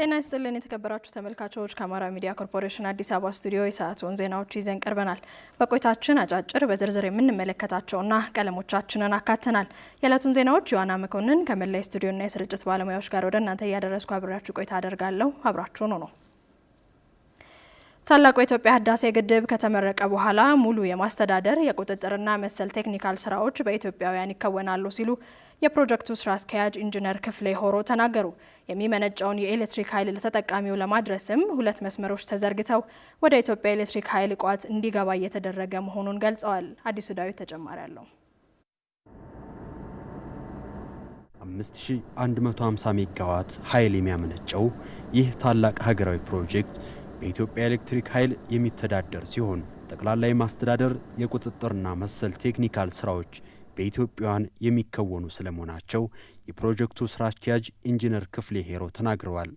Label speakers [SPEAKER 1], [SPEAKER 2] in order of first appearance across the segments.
[SPEAKER 1] ጤና ይስጥልን የተከበራችሁ ተመልካቾች፣ ከአማራ ሚዲያ ኮርፖሬሽን አዲስ አበባ ስቱዲዮ የሰዓቱን ዜናዎች ይዘን ቀርበናል። በቆይታችን አጫጭር በዝርዝር የምንመለከታቸውና ቀለሞቻችንን አካተናል። የዕለቱን ዜናዎች የዋና መኮንን ከመላይ ስቱዲዮና የስርጭት ባለሙያዎች ጋር ወደ እናንተ እያደረስኩ አብሬያችሁ ቆይታ አደርጋለሁ። አብራችሁን ሆኖ ታላቁ የኢትዮጵያ ህዳሴ ግድብ ከተመረቀ በኋላ ሙሉ የማስተዳደር የቁጥጥርና መሰል ቴክኒካል ስራዎች በኢትዮጵያውያን ይከወናሉ ሲሉ የፕሮጀክቱ ስራ አስኪያጅ ኢንጂነር ክፍሌ ሆሮ ተናገሩ። የሚመነጨውን የኤሌክትሪክ ኃይል ለተጠቃሚው ለማድረስም ሁለት መስመሮች ተዘርግተው ወደ ኢትዮጵያ ኤሌክትሪክ ኃይል ቋት እንዲገባ እየተደረገ መሆኑን ገልጸዋል። አዲሱ ዳዊት ተጨማሪ አለው።
[SPEAKER 2] 5150 ሜጋዋት ኃይል የሚያመነጨው ይህ ታላቅ ሀገራዊ ፕሮጀክት በኢትዮጵያ ኤሌክትሪክ ኃይል የሚተዳደር ሲሆን ጠቅላላ የማስተዳደር የቁጥጥርና መሰል ቴክኒካል ስራዎች በኢትዮጵያውያን የሚከወኑ ስለመሆናቸው የፕሮጀክቱ ስራ አስኪያጅ ኢንጂነር ክፍሌ ሄሮ ተናግረዋል።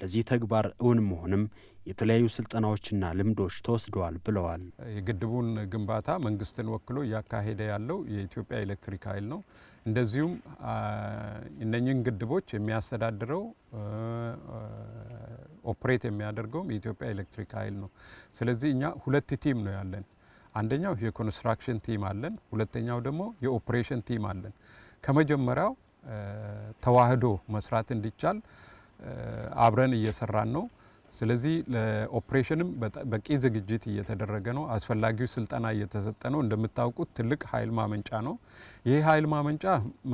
[SPEAKER 2] ለዚህ ተግባር እውን መሆንም የተለያዩ ስልጠናዎችና ልምዶች ተወስደዋል ብለዋል።
[SPEAKER 3] የግድቡን ግንባታ መንግስትን ወክሎ እያካሄደ ያለው የኢትዮጵያ ኤሌክትሪክ ኃይል ነው። እንደዚሁም እነኝን ግድቦች የሚያስተዳድረው ኦፕሬት የሚያደርገውም የኢትዮጵያ ኤሌክትሪክ ኃይል ነው። ስለዚህ እኛ ሁለት ቲም ነው ያለን አንደኛው የኮንስትራክሽን ቲም አለን፣ ሁለተኛው ደግሞ የኦፕሬሽን ቲም አለን። ከመጀመሪያው ተዋህዶ መስራት እንዲቻል አብረን እየሰራን ነው። ስለዚህ ለኦፕሬሽንም በቂ ዝግጅት እየተደረገ ነው። አስፈላጊው ስልጠና እየተሰጠ ነው። እንደምታውቁት ትልቅ ኃይል ማመንጫ ነው። ይህ ኃይል ማመንጫ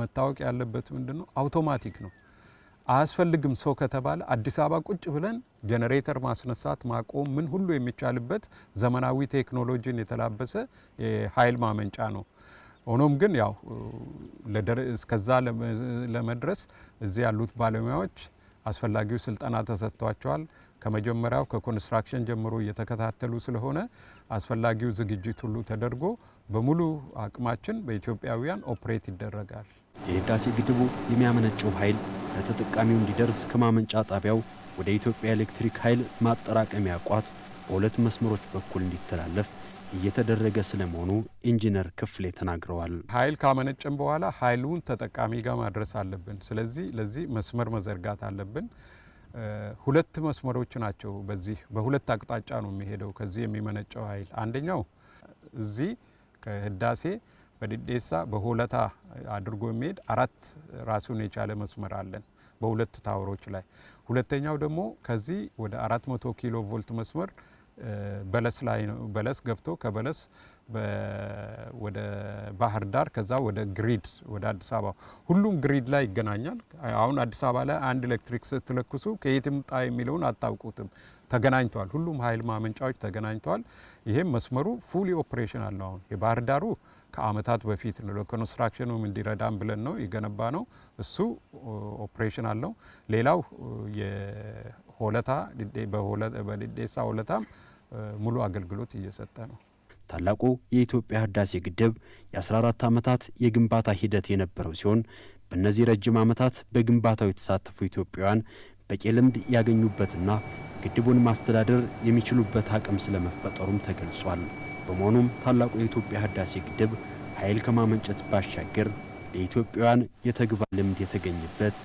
[SPEAKER 3] መታወቅ ያለበት ምንድን ነው? አውቶማቲክ ነው። አያስፈልግም ሰው ከተባለ አዲስ አበባ ቁጭ ብለን ጀነሬተር ማስነሳት ማቆም ምን ሁሉ የሚቻልበት ዘመናዊ ቴክኖሎጂን የተላበሰ የኃይል ማመንጫ ነው። ሆኖም ግን ያው እስከዛ ለመድረስ እዚህ ያሉት ባለሙያዎች አስፈላጊው ስልጠና ተሰጥቷቸዋል። ከመጀመሪያው ከኮንስትራክሽን ጀምሮ እየተከታተሉ ስለሆነ አስፈላጊው ዝግጅት ሁሉ ተደርጎ በሙሉ አቅማችን በኢትዮጵያውያን ኦፕሬት ይደረጋል።
[SPEAKER 2] የህዳሴ ግድቡ የሚያመነጨው ኃይል ለተጠቃሚው እንዲደርስ ከማመንጫ ጣቢያው ወደ ኢትዮጵያ ኤሌክትሪክ ኃይል ማጠራቀሚያ ቋት በሁለት መስመሮች በኩል እንዲተላለፍ እየተደረገ ስለመሆኑ ኢንጂነር ክፍሌ ተናግረዋል።
[SPEAKER 3] ኃይል ካመነጨን በኋላ ኃይሉን ተጠቃሚ ጋር ማድረስ አለብን። ስለዚህ ለዚህ መስመር መዘርጋት አለብን። ሁለት መስመሮች ናቸው። በዚህ በሁለት አቅጣጫ ነው የሚሄደው ከዚህ የሚመነጨው ኃይል አንደኛው እዚህ ከህዳሴ በድዴሳ በሆለታ አድርጎ የሚሄድ አራት ራሱን የቻለ መስመር አለን በሁለት ታወሮች ላይ። ሁለተኛው ደግሞ ከዚህ ወደ 400 ኪሎ ቮልት መስመር በለስ ላይ ነው። በለስ ገብቶ ከበለስ ወደ ባህር ዳር ከዛ ወደ ግሪድ ወደ አዲስ አበባ ሁሉም ግሪድ ላይ ይገናኛል። አሁን አዲስ አበባ ላይ አንድ ኤሌክትሪክ ስትለኩሱ ከየትም ጣ የሚለውን አታውቁትም። ተገናኝተዋል። ሁሉም ሀይል ማመንጫዎች ተገናኝተዋል። ይሄም መስመሩ ፉሊ ኦፕሬሽናል ነው። አሁን የባህር ዳሩ ከአመታት በፊት ለኮንስትራክሽኑ እንዲረዳን ብለን ነው የገነባ ነው። እሱ ኦፕሬሽን አለው። ሌላው የሆለታ በዴሳ ሆለታም ሙሉ አገልግሎት እየሰጠ ነው።
[SPEAKER 2] ታላቁ የኢትዮጵያ ህዳሴ ግድብ የ14 ዓመታት የግንባታ ሂደት የነበረው ሲሆን በእነዚህ ረጅም ዓመታት በግንባታው የተሳተፉ ኢትዮጵያውያን በቂ ልምድ ያገኙበትና ግድቡን ማስተዳደር የሚችሉበት አቅም ስለመፈጠሩም ተገልጿል። በመሆኑም ታላቁ የኢትዮጵያ ህዳሴ ግድብ ኃይል ከማመንጨት ባሻገር ለኢትዮጵያውያን የተግባር ልምድ የተገኘበት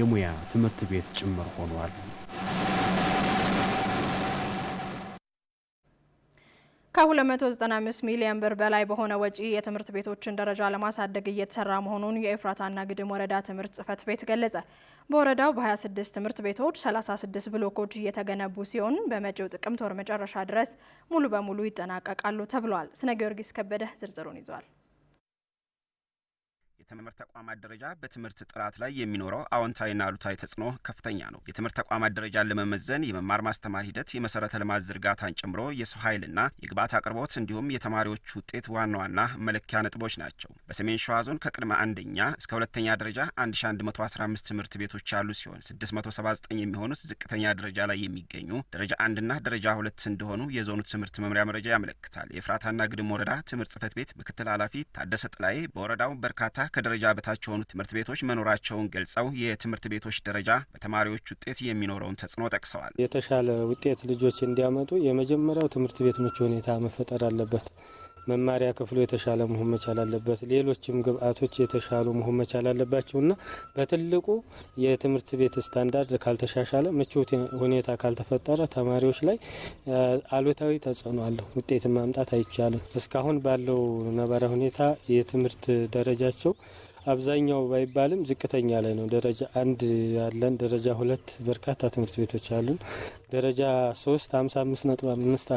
[SPEAKER 2] የሙያ ትምህርት ቤት ጭምር ሆኗል።
[SPEAKER 1] ከ295 ሚሊዮን ብር በላይ በሆነ ወጪ የትምህርት ቤቶችን ደረጃ ለማሳደግ እየተሰራ መሆኑን የኤፍራታና ግድም ወረዳ ትምህርት ጽፈት ቤት ገለጸ። በወረዳው በ26 ትምህርት ቤቶች 36 ብሎኮች እየተገነቡ ሲሆን በመጪው ጥቅምት ወር መጨረሻ ድረስ ሙሉ በሙሉ ይጠናቀቃሉ ተብሏል። ስነ ጊዮርጊስ ከበደ ዝርዝሩን ይዟል።
[SPEAKER 4] የትምህርት ተቋማት ደረጃ በትምህርት ጥራት ላይ የሚኖረው አዎንታዊና አሉታዊ ተጽዕኖ ከፍተኛ ነው። የትምህርት ተቋማት ደረጃን ለመመዘን የመማር ማስተማር ሂደት የመሰረተ ልማት ዝርጋታን ጨምሮ የሰው ኃይልና የግብዓት አቅርቦት እንዲሁም የተማሪዎች ውጤት ዋና ዋና መለኪያ ነጥቦች ናቸው። በሰሜን ሸዋ ዞን ከቅድመ አንደኛ እስከ ሁለተኛ ደረጃ 1115 ትምህርት ቤቶች ያሉ ሲሆን 679 የሚሆኑት ዝቅተኛ ደረጃ ላይ የሚገኙ ደረጃ አንድና ደረጃ ሁለት እንደሆኑ የዞኑ ትምህርት መምሪያ መረጃ ያመለክታል። የፍራታና ግድም ወረዳ ትምህርት ጽህፈት ቤት ምክትል ኃላፊ ታደሰ ጥላዬ በወረዳው በርካታ ከደረጃ በታች የሆኑ ትምህርት ቤቶች መኖራቸውን ገልጸው የትምህርት ቤቶች ደረጃ በተማሪዎች ውጤት የሚኖረውን ተጽዕኖ ጠቅሰዋል።
[SPEAKER 5] የተሻለ ውጤት ልጆች እንዲያመጡ የመጀመሪያው ትምህርት ቤት ምቹ ሁኔታ መፈጠር አለበት። መማሪያ ክፍሉ የተሻለ መሆን መቻል አለበት። ሌሎችም ግብአቶች የተሻሉ መሆን መቻል አለባቸው እና በትልቁ የትምህርት ቤት ስታንዳርድ ካልተሻሻለ፣ ምቹ ሁኔታ ካልተፈጠረ ተማሪዎች ላይ አሉታዊ ተጽዕኖ አለው። ውጤት ማምጣት አይቻልም። እስካሁን ባለው ነባራዊ ሁኔታ የትምህርት ደረጃቸው አብዛኛው ባይባልም ዝቅተኛ ላይ ነው። ደረጃ አንድ ያለን፣ ደረጃ ሁለት በርካታ ትምህርት ቤቶች አሉን። ደረጃ 3 55 ነጥብ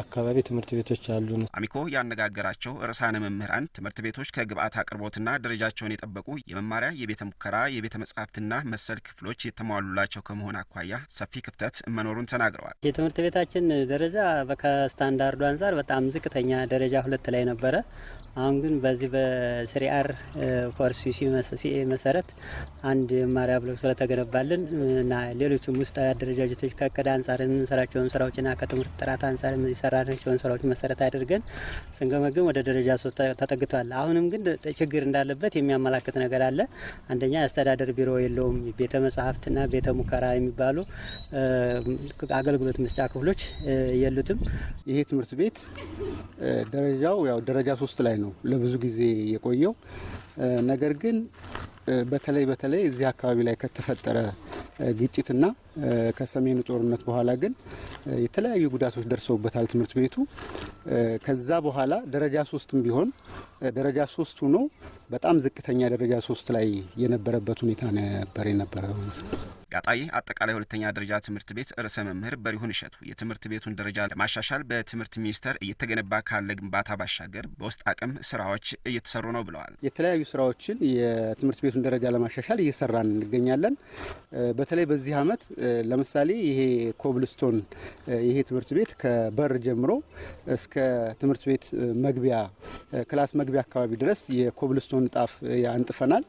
[SPEAKER 5] አካባቢ ትምህርት ቤቶች አሉ።
[SPEAKER 4] አሚኮ ያነጋገራቸው ርዕሳነ መምህራን ትምህርት ቤቶች ከግብአት አቅርቦትና ደረጃቸውን የጠበቁ የመማሪያ የቤተ ሙከራ የቤተ መጻሕፍትና መሰል ክፍሎች የተሟሉላቸው ከመሆን አኳያ ሰፊ ክፍተት መኖሩን ተናግረዋል።
[SPEAKER 6] የትምህርት ቤታችን ደረጃ ከስታንዳርዱ አንጻር በጣም ዝቅተኛ ደረጃ ሁለት ላይ ነበረ። አሁን ግን በዚህ በስሪአር ፎር ሲኤ መሰረት አንድ መማሪያ ብሎክ ስለተገነባልን እና ሌሎችም ውስጣዊ አደረጃጀቶች ከእቅድ አንጻርን የምንሰራቸውን ስራዎችና ከትምህርት ጥራት አንጻር የሰራናቸውን ስራዎች መሰረት አድርገን ስንገመግም ወደ ደረጃ ሶስት ተጠግቷል። አሁንም ግን ችግር እንዳለበት የሚያመላክት ነገር አለ። አንደኛ የአስተዳደር ቢሮ የለውም። ቤተ መጽሐፍትና ቤተ ሙከራ የሚባሉ አገልግሎት መስጫ ክፍሎች የሉትም።
[SPEAKER 7] ይሄ ትምህርት ቤት ደረጃው ያው ደረጃ ሶስት ላይ ነው ለብዙ ጊዜ የቆየው ነገር ግን በተለይ በተለይ እዚህ አካባቢ ላይ ከተፈጠረ ግጭትና ከሰሜኑ ጦርነት በኋላ ግን የተለያዩ ጉዳቶች ደርሰውበታል ትምህርት ቤቱ። ከዛ በኋላ ደረጃ ሶስትም ቢሆን ደረጃ ሶስት ሆኖ በጣም ዝቅተኛ ደረጃ ሶስት ላይ የነበረበት ሁኔታ ነበር የነበረው።
[SPEAKER 4] ጋጣይ አጠቃላይ ሁለተኛ ደረጃ ትምህርት ቤት ርዕሰ መምህር በሪሁን እሸቱ የትምህርት ቤቱን ደረጃ ለማሻሻል በትምህርት ሚኒስቴር እየተገነባ ካለ ግንባታ ባሻገር በውስጥ አቅም ስራዎች እየተሰሩ ነው ብለዋል።
[SPEAKER 7] የተለያዩ ስራዎችን የትምህርት ቤቱን ደረጃ ለማሻሻል እየሰራን እንገኛለን። በተለይ በዚህ አመት ለምሳሌ ይሄ ኮብልስቶን ይሄ ትምህርት ቤት ከበር ጀምሮ እስከ ትምህርት ቤት መግቢያ ክላስ መግቢያ አካባቢ ድረስ የኮብልስቶን ጣፍ አንጥፈናል።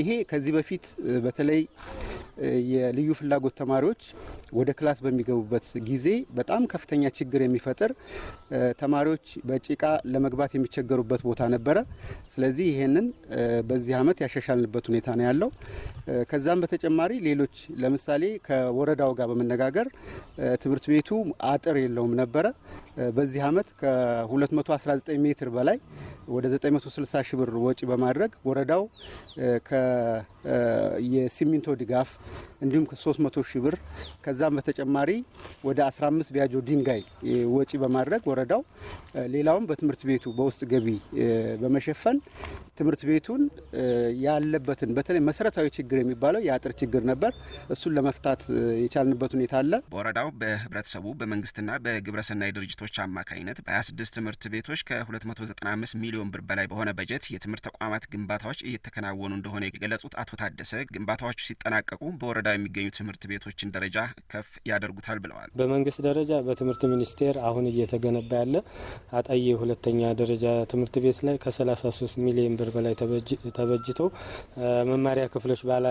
[SPEAKER 7] ይሄ ከዚህ በፊት በተለይ የልዩ ፍላጎት ተማሪዎች ወደ ክላስ በሚገቡበት ጊዜ በጣም ከፍተኛ ችግር የሚፈጥር ተማሪዎች በጭቃ ለመግባት የሚቸገሩበት ቦታ ነበረ። ስለዚህ ይህንን በዚህ ዓመት ያሻሻልንበት ሁኔታ ነው ያለው። ከዛም በተጨማሪ ሌሎች ለምሳሌ ከወረዳው ጋር በመነጋገር ትምህርት ቤቱ አጥር የለውም ነበረ። በዚህ ዓመት ከ219 ሜትር በላይ ወደ 960 ሺህ ብር ወጪ በማድረግ ወረዳው የሲሚንቶ ድጋፍ እንዲሁም ከ300 ሺህ ብር ከዛም በተጨማሪ ወደ 15 ቢያጆ ድንጋይ ወጪ በማድረግ ወረዳው ሌላውም በትምህርት ቤቱ በውስጥ ገቢ በመሸፈን ትምህርት ቤቱን ያለበትን በተለይ መሰረታዊ ችግር የሚባለው የአጥር ችግር ነበር። እሱን ለመፍታት የቻልንበት ሁኔታ አለ።
[SPEAKER 4] በወረዳው በህብረተሰቡ በመንግስትና በግብረሰናይ ድርጅቶች ድርጅቶች አማካኝነት በ26 ትምህርት ቤቶች ከ295 ሚሊዮን ብር በላይ በሆነ በጀት የትምህርት ተቋማት ግንባታዎች እየተከናወኑ እንደሆነ የገለጹት አቶ ታደሰ ግንባታዎቹ ሲጠናቀቁ በወረዳ የሚገኙ ትምህርት ቤቶችን ደረጃ ከፍ ያደርጉታል ብለዋል።
[SPEAKER 5] በመንግስት ደረጃ በትምህርት ሚኒስቴር አሁን እየተገነባ ያለ አጣዬ ሁለተኛ ደረጃ ትምህርት ቤት ላይ ከ33 ሚሊዮን ብር በላይ ተበጅቶ መማሪያ ክፍሎች ባለ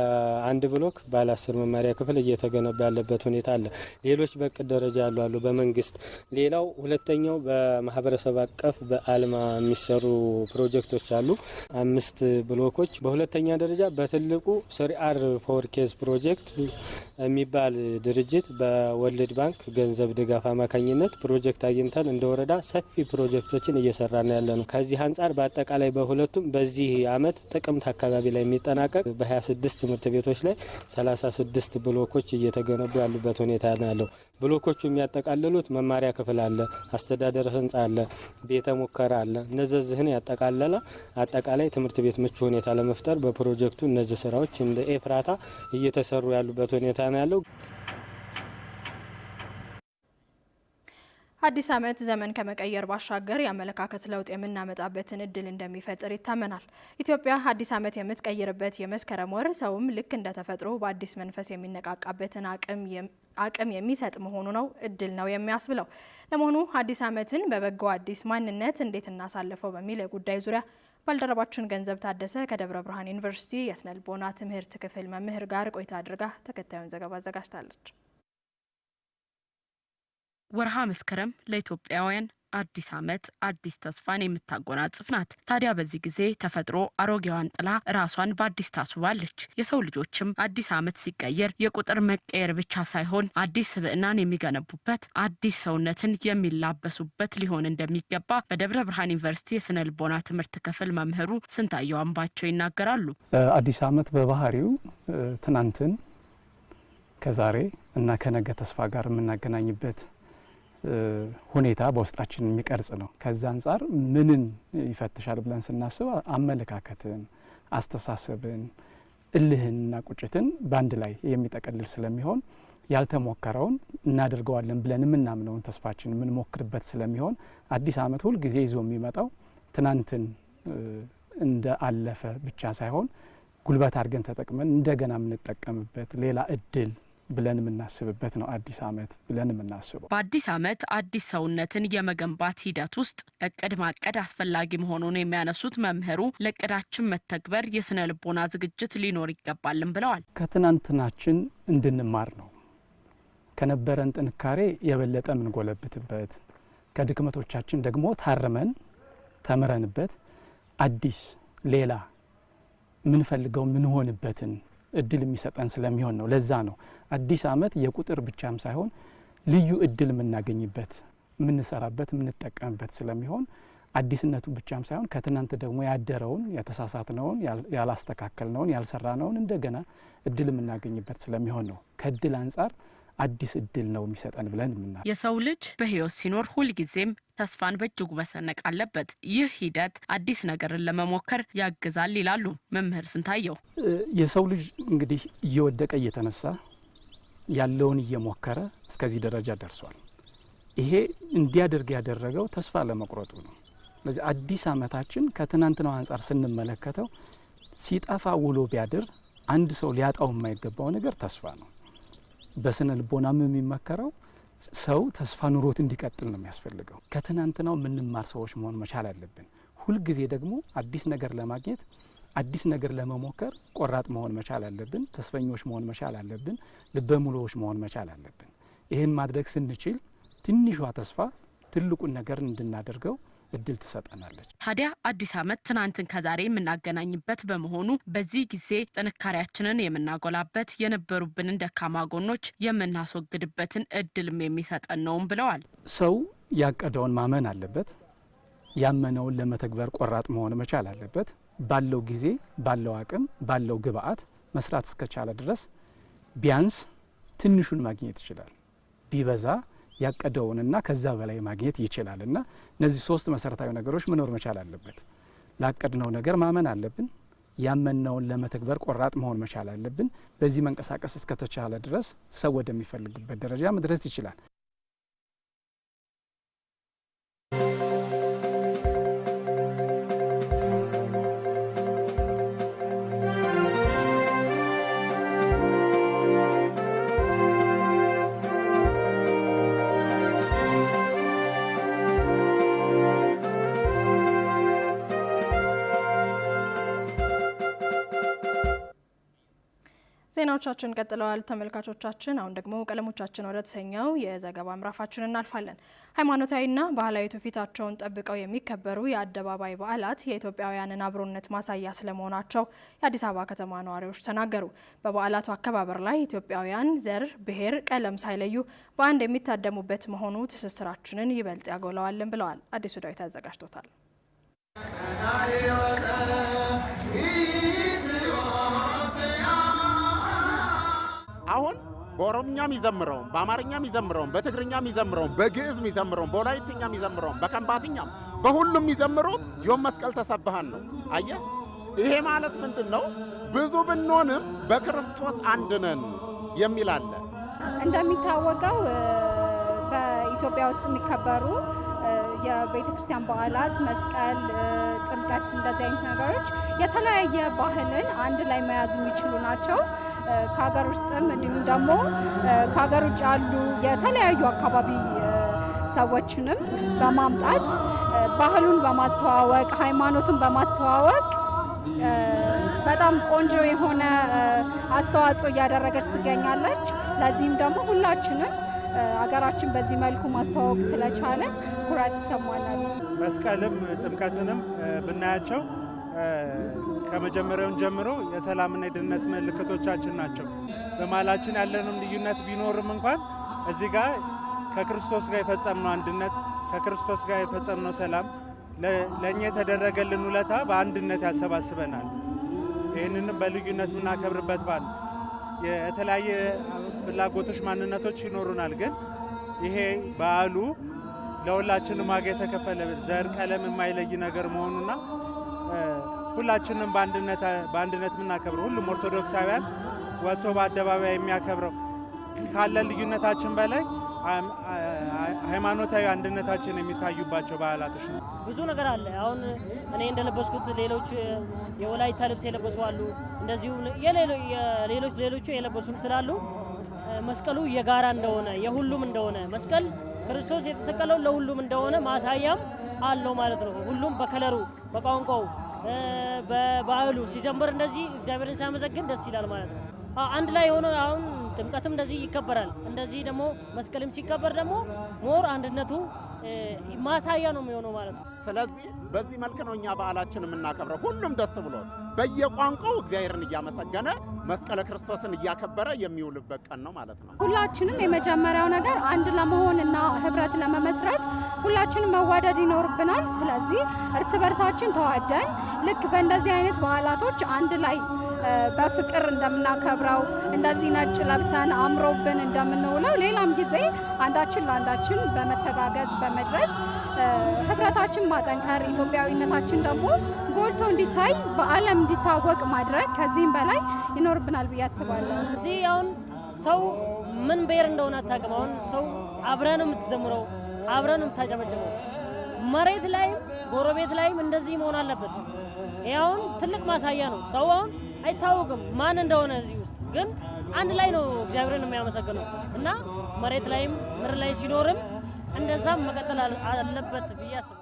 [SPEAKER 5] አንድ ብሎክ ባለ አስር መማሪያ ክፍል እየተገነባ ያለበት ሁኔታ አለ። ሌሎች በቅድ ደረጃ ያሉ አሉ በመንግስት ሌላው ሁለተኛው በማህበረሰብ አቀፍ በአልማ የሚሰሩ ፕሮጀክቶች አሉ። አምስት ብሎኮች። በሁለተኛ ደረጃ በትልቁ ስሪአር ፎር ኬዝ ፕሮጀክት የሚባል ድርጅት በወልድ ባንክ ገንዘብ ድጋፍ አማካኝነት ፕሮጀክት አግኝተን እንደ ወረዳ ሰፊ ፕሮጀክቶችን እየሰራ ነው ያለ ነው። ከዚህ አንጻር በአጠቃላይ በሁለቱም በዚህ አመት ጥቅምት አካባቢ ላይ የሚጠናቀቅ በ26 ትምህርት ቤቶች ላይ 36 ብሎኮች እየተገነቡ ያሉበት ሁኔታ ነው ያለው። ብሎኮቹ የሚያጠቃልሉት መማሪያ ክፍል አለ፣ አስተዳደር ህንጻ አለ፣ ቤተ ሙከራ አለ። እነዚህን ያጠቃለለ አጠቃላይ ትምህርት ቤት ምቹ ሁኔታ ለመፍጠር በፕሮጀክቱ እነዚህ ስራዎች እንደ ኤፍራታ እየተሰሩ ያሉበት ሁኔታ ነው ያለው።
[SPEAKER 1] አዲስ ዓመት ዘመን ከመቀየር ባሻገር የአመለካከት ለውጥ የምናመጣበትን እድል እንደሚፈጥር ይታመናል። ኢትዮጵያ አዲስ ዓመት የምትቀይርበት የመስከረም ወር ሰውም ልክ እንደ ተፈጥሮ በአዲስ መንፈስ የሚነቃቃበትን አቅም የሚሰጥ መሆኑ ነው እድል ነው የሚያስብለው። ለመሆኑ አዲስ ዓመትን በበጎ አዲስ ማንነት እንዴት እናሳልፈው በሚል የጉዳይ ዙሪያ ባልደረባችን ገንዘብ ታደሰ ከደብረ ብርሃን ዩኒቨርሲቲ የስነልቦና ትምህርት ክፍል መምህር ጋር ቆይታ አድርጋ ተከታዩን ዘገባ አዘጋጅታለች።
[SPEAKER 8] ወርሃ መስከረም ለኢትዮጵያውያን አዲስ ዓመት አዲስ ተስፋን የምታጎናጽፍ ናት። ታዲያ በዚህ ጊዜ ተፈጥሮ አሮጌዋን ጥላ ራሷን በአዲስ ታስውባለች። የሰው ልጆችም አዲስ ዓመት ሲቀየር የቁጥር መቀየር ብቻ ሳይሆን አዲስ ስብዕናን የሚገነቡበት፣ አዲስ ሰውነትን የሚላበሱበት ሊሆን እንደሚገባ በደብረ ብርሃን ዩኒቨርሲቲ የስነ ልቦና ትምህርት ክፍል መምህሩ ስንታየው አምባቸው ይናገራሉ።
[SPEAKER 9] አዲስ ዓመት በባህሪው ትናንትን ከዛሬ እና ከነገ ተስፋ ጋር የምናገናኝበት ሁኔታ በውስጣችን የሚቀርጽ ነው። ከዛ አንጻር ምንን ይፈትሻል ብለን ስናስብ አመለካከትን፣ አስተሳሰብን፣ እልህንና ቁጭትን በአንድ ላይ የሚጠቀልል ስለሚሆን ያልተሞከረውን እናደርገዋለን ብለን የምናምነውን ተስፋችን የምንሞክርበት ስለሚሆን አዲስ ዓመት ሁልጊዜ ይዞ የሚመጣው ትናንትን እንደ አለፈ ብቻ ሳይሆን ጉልበት አድርገን ተጠቅመን እንደገና የምንጠቀምበት ሌላ እድል ብለን የምናስብበት ነው። አዲስ ዓመት ብለን የምናስበው
[SPEAKER 8] በአዲስ ዓመት አዲስ ሰውነትን የመገንባት ሂደት ውስጥ እቅድ ማቀድ አስፈላጊ መሆኑን የሚያነሱት መምህሩ ለእቅዳችን መተግበር የስነ ልቦና ዝግጅት ሊኖር ይገባልን ብለዋል።
[SPEAKER 9] ከትናንትናችን እንድንማር ነው። ከነበረን ጥንካሬ የበለጠ የምንጎለብትበት፣ ከድክመቶቻችን ደግሞ ታርመን ተምረንበት አዲስ ሌላ የምንፈልገው ምንሆንበትን እድል የሚሰጠን ስለሚሆን ነው። ለዛ ነው አዲስ አመት የቁጥር ብቻም ሳይሆን ልዩ እድል የምናገኝበት የምንሰራበት፣ የምንጠቀምበት ስለሚሆን አዲስነቱ ብቻም ሳይሆን ከትናንት ደግሞ ያደረውን ያተሳሳትነውን፣ ያላስተካከልነውን፣ ያልሰራነውን እንደገና እድል የምናገኝበት ስለሚሆን ነው ከእድል አንጻር አዲስ እድል ነው የሚሰጠን ብለን ምና
[SPEAKER 8] የሰው ልጅ በህይወት ሲኖር ሁልጊዜም ተስፋን በእጅጉ መሰነቅ አለበት። ይህ ሂደት አዲስ ነገርን ለመሞከር ያግዛል ይላሉ መምህር ስንታየው።
[SPEAKER 9] የሰው ልጅ እንግዲህ እየወደቀ እየተነሳ ያለውን እየሞከረ እስከዚህ ደረጃ ደርሷል። ይሄ እንዲያደርግ ያደረገው ተስፋ ለመቁረጡ ነው። ስለዚህ አዲስ አመታችን ከትናንትናው አንጻር ስንመለከተው ሲጠፋ ውሎ ቢያድር አንድ ሰው ሊያጣው የማይገባው ነገር ተስፋ ነው። በስነ ልቦናም የሚመከረው ሰው ተስፋ ኑሮት እንዲቀጥል ነው የሚያስፈልገው። ከትናንትናው የምንማር ሰዎች መሆን መቻል አለብን። ሁልጊዜ ደግሞ አዲስ ነገር ለማግኘት አዲስ ነገር ለመሞከር ቆራጥ መሆን መቻል አለብን። ተስፈኞች መሆን መቻል አለብን። ልበሙሎዎች መሆን መቻል አለብን። ይህን ማድረግ ስንችል ትንሿ ተስፋ ትልቁን ነገር እንድናደርገው እድል ትሰጠናለች።
[SPEAKER 8] ታዲያ አዲስ ዓመት ትናንትን ከዛሬ የምናገናኝበት በመሆኑ በዚህ ጊዜ ጥንካሬያችንን የምናጎላበት የነበሩብንን ደካማ ጎኖች የምናስወግድበትን እድልም የሚሰጠን ነውም ብለዋል።
[SPEAKER 9] ሰው ያቀደውን ማመን አለበት። ያመነውን ለመተግበር ቆራጥ መሆን መቻል አለበት። ባለው ጊዜ፣ ባለው አቅም፣ ባለው ግብአት መስራት እስከቻለ ድረስ ቢያንስ ትንሹን ማግኘት ይችላል ቢበዛ ያቀደውንና ከዛ በላይ ማግኘት ይችላል። እና እነዚህ ሶስት መሰረታዊ ነገሮች መኖር መቻል አለበት። ላቀድነው ነገር ማመን አለብን። ያመንነውን ለመተግበር ቆራጥ መሆን መቻል አለብን። በዚህ መንቀሳቀስ እስከተቻለ ድረስ ሰው ወደሚፈልግበት ደረጃ መድረስ ይችላል።
[SPEAKER 1] ዜናዎቻችን ቀጥለዋል ተመልካቾቻችን። አሁን ደግሞ ቀለሞቻችን ወደ ተሰኘው የዘገባ ምዕራፋችን እናልፋለን። ሃይማኖታዊና ባህላዊ ትውፊታቸውን ጠብቀው የሚከበሩ የአደባባይ በዓላት የኢትዮጵያውያንን አብሮነት ማሳያ ስለመሆናቸው የአዲስ አበባ ከተማ ነዋሪዎች ተናገሩ። በበዓላቱ አከባበር ላይ ኢትዮጵያውያን ዘር፣ ብሔር፣ ቀለም ሳይለዩ በአንድ የሚታደሙበት መሆኑ ትስስራችንን ይበልጥ ያጎላዋልን ብለዋል። አዲሱ ዳዊት አዘጋጅቶታል።
[SPEAKER 10] አሁን በኦሮምኛ የሚዘምረውም በአማርኛ የሚዘምረውም በትግርኛ የሚዘምረውም በግዕዝ የሚዘምረውም በወላይትኛ የሚዘምረውም በከንባትኛም በሁሉም ይዘምሩት ዮም መስቀል ተሰብሃን ነው። አየ ይሄ ማለት ምንድን ነው? ብዙ ብንሆንም በክርስቶስ አንድ ነን የሚል አለ።
[SPEAKER 11] እንደሚታወቀው በኢትዮጵያ ውስጥ የሚከበሩ የቤተ ክርስቲያን በዓላት መስቀል፣ ጥምቀት፣ እንደዚህ አይነት ነገሮች የተለያየ ባህልን አንድ ላይ መያዝ የሚችሉ ናቸው። ከሀገር ውስጥም እንዲሁም ደግሞ ከሀገር ውጭ ያሉ የተለያዩ አካባቢ ሰዎችንም በማምጣት ባህሉን በማስተዋወቅ ሃይማኖቱን በማስተዋወቅ በጣም ቆንጆ የሆነ አስተዋጽኦ እያደረገች ትገኛለች። ለዚህም ደግሞ ሁላችንም ሀገራችን በዚህ መልኩ ማስተዋወቅ ስለቻለ ኩራት ይሰማናል።
[SPEAKER 12] መስቀልም ጥምቀትንም ብናያቸው ከመጀመሪያውን ጀምሮ የሰላምና የደህንነት ምልክቶቻችን ናቸው። በመሀላችን ያለንም ልዩነት ቢኖርም እንኳን እዚህ ጋር ከክርስቶስ ጋር የፈጸምነው አንድነት፣ ከክርስቶስ ጋር የፈጸምነው ሰላም፣ ለእኛ የተደረገልን ውለታ በአንድነት ያሰባስበናል። ይህንንም በልዩነት የምናከብርበት በዓል የተለያየ ፍላጎቶች፣ ማንነቶች ይኖሩናል። ግን ይሄ በዓሉ ለሁላችንም ዋጋ የተከፈለ ዘር፣ ቀለም የማይለይ ነገር መሆኑና ሁላችንም በአንድነት በአንድነት የምናከብረው ሁሉም ኦርቶዶክሳውያን ወጥቶ በአደባባይ የሚያከብረው ካለን ልዩነታችን በላይ ሃይማኖታዊ አንድነታችን የሚታዩባቸው በዓላቶች ነው።
[SPEAKER 13] ብዙ ነገር አለ። አሁን እኔ እንደለበስኩት ሌሎች የወላይታ ልብስ የለበሱ አሉ። እንደዚሁ ሌሎች ሌሎቹ የለበሱም ስላሉ መስቀሉ የጋራ እንደሆነ የሁሉም እንደሆነ መስቀል ክርስቶስ የተሰቀለው ለሁሉም እንደሆነ ማሳያም አለው ማለት ነው። ሁሉም በከለሩ በቋንቋው በበዓሉ ሲጀምር እንደዚህ እግዚአብሔርን ሲያመሰግን ደስ ይላል ማለት ነው። አንድ ላይ የሆነ አሁን ጥምቀትም እንደዚህ ይከበራል። እንደዚህ ደግሞ መስቀልም ሲከበር ደግሞ ሞር አንድነቱ ማሳያ ነው የሚሆነው ማለት ነው።
[SPEAKER 10] ስለዚህ በዚህ መልክ ነው እኛ በዓላችን የምናከብረው። ሁሉም ደስ ብሎ በየቋንቋው እግዚአብሔርን እያመሰገነ መስቀለ ክርስቶስን እያከበረ የሚውልበት ቀን ነው ማለት ነው።
[SPEAKER 11] ሁላችንም የመጀመሪያው ነገር አንድ ለመሆን እና ህብረት ለመመስረት ሁላችንም መዋደድ ይኖርብናል። ስለዚህ እርስ በርሳችን ተዋደን ልክ በእንደዚህ አይነት በዓላቶች አንድ ላይ በፍቅር እንደምናከብረው እንደዚህ ነጭ ለብሰን አምሮብን እንደምንውለው ሌላም ጊዜ አንዳችን ለአንዳችን በመተጋገዝ በመድረስ ህብረታችን ማጠንከር ኢትዮጵያዊነታችን ደግሞ ጎልቶ እንዲታይ በዓለም እንዲታወቅ ማድረግ ከዚህም በላይ ይኖርብናል ብዬ አስባለሁ።
[SPEAKER 13] እዚህ አሁን ሰው ምን ብሔር እንደሆነ አታውቅም። አሁን ሰው አብረን የምትዘምረው አብረን የምታጨበጭበው መሬት ላይም ጎረቤት ላይም እንደዚህ መሆን አለበት። ይህ አሁን ትልቅ ማሳያ ነው። ሰው አሁን አይታወቅም ማን እንደሆነ እዚህ ውስጥ ግን አንድ ላይ ነው እግዚአብሔርን የሚያመሰግነው እና መሬት ላይም ምድር ላይ ሲኖርም እንደዛም መቀጠል አለበት ብዬ አስባለሁ።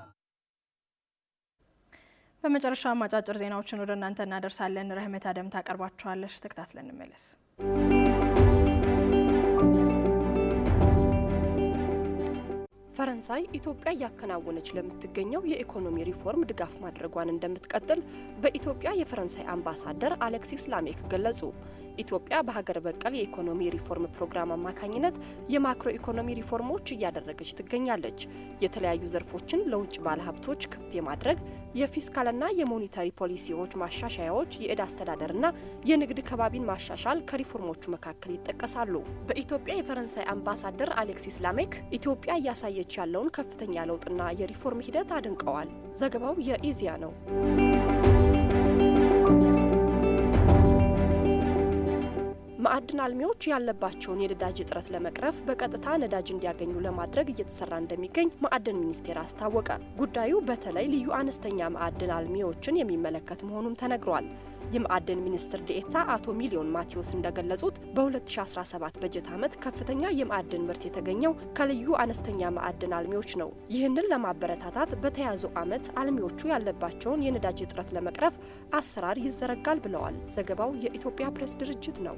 [SPEAKER 1] በመጨረሻ አጫጭር ዜናዎችን ወደ እናንተ እናደርሳለን። ረህመት አደም ታቀርባችኋለች። ተከታትለን እንመለስ።
[SPEAKER 14] ፈረንሳይ ኢትዮጵያ እያከናወነች ለምትገኘው የኢኮኖሚ ሪፎርም ድጋፍ ማድረጓን እንደምትቀጥል በኢትዮጵያ የፈረንሳይ አምባሳደር አሌክሲስ ላሜክ ገለጹ። ኢትዮጵያ በሀገር በቀል የኢኮኖሚ ሪፎርም ፕሮግራም አማካኝነት የማክሮ ኢኮኖሚ ሪፎርሞች እያደረገች ትገኛለች። የተለያዩ ዘርፎችን ለውጭ ባለሀብቶች ክፍት የማድረግ የፊስካልና የሞኔታሪ ፖሊሲዎች ማሻሻያዎች፣ አስተዳደር አስተዳደርና የንግድ ከባቢን ማሻሻል ከሪፎርሞቹ መካከል ይጠቀሳሉ። በኢትዮጵያ የፈረንሳይ አምባሳደር አሌክሲስ ላሜክ ኢትዮጵያ እያሳየች እያሳየች ያለውን ከፍተኛ ለውጥና የሪፎርም ሂደት አድንቀዋል። ዘገባው የኢዚያ ነው። ማዕድን አልሚዎች ያለባቸውን የነዳጅ እጥረት ለመቅረፍ በቀጥታ ነዳጅ እንዲያገኙ ለማድረግ እየተሰራ እንደሚገኝ ማዕድን ሚኒስቴር አስታወቀ። ጉዳዩ በተለይ ልዩ አነስተኛ ማዕድን አልሚዎችን የሚመለከት መሆኑም ተነግሯል። የማዕድን ሚኒስትር ዴኤታ አቶ ሚሊዮን ማቴዎስ እንደገለጹት በ2017 በጀት ዓመት ከፍተኛ የማዕድን ምርት የተገኘው ከልዩ አነስተኛ ማዕድን አልሚዎች ነው። ይህንን ለማበረታታት በተያዘው ዓመት አልሚዎቹ ያለባቸውን የነዳጅ እጥረት ለመቅረፍ አሰራር ይዘረጋል ብለዋል። ዘገባው የኢትዮጵያ ፕሬስ ድርጅት ነው።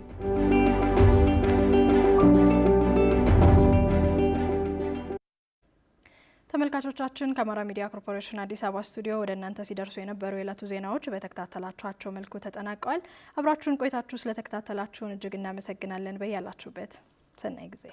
[SPEAKER 1] ተመልካቾቻችን ከአማራ ሚዲያ ኮርፖሬሽን አዲስ አበባ ስቱዲዮ ወደ እናንተ ሲደርሱ የነበሩ የዕለቱ ዜናዎች በተከታተላችኋቸው መልኩ ተጠናቀዋል። አብራችሁን ቆይታችሁ ስለተከታተላችሁን እጅግ እናመሰግናለን። በያላችሁበት ሰናይ ጊዜ